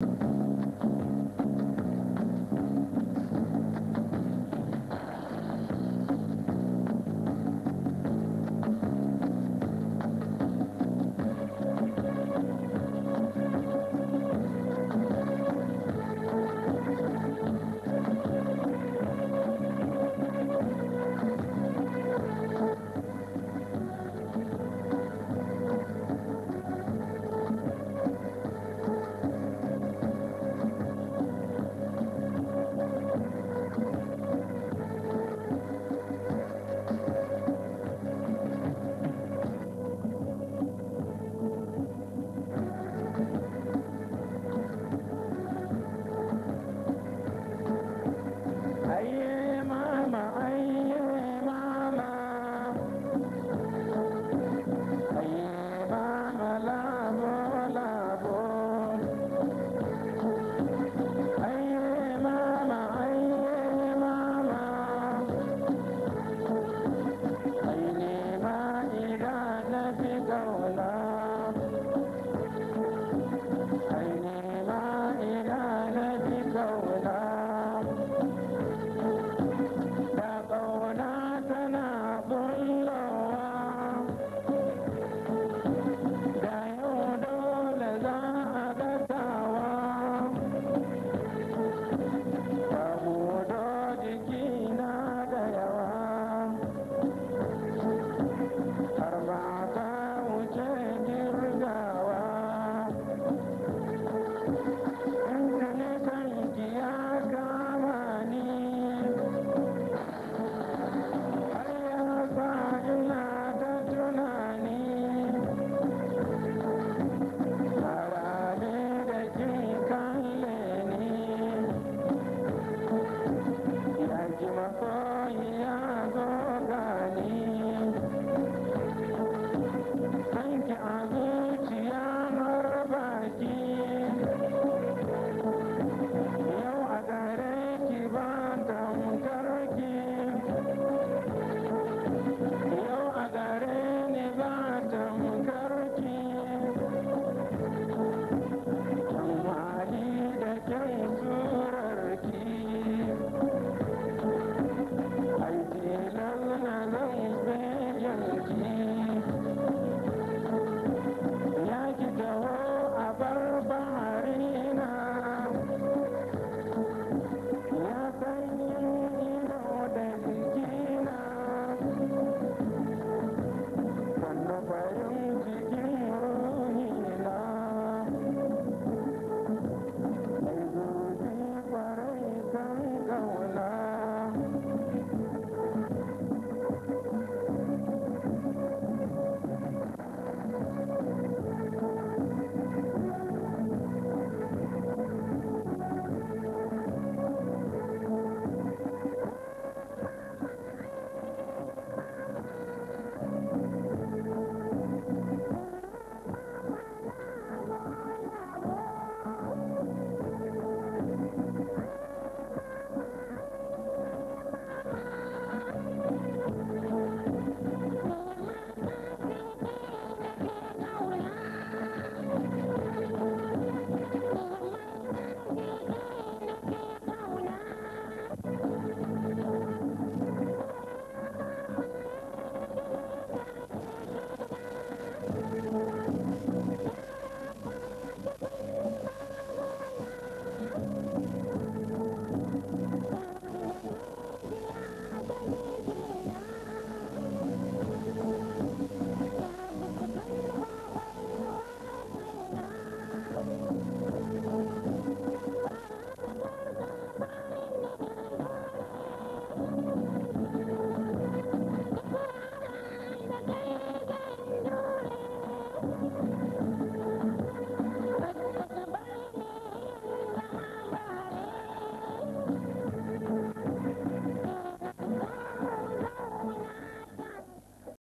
you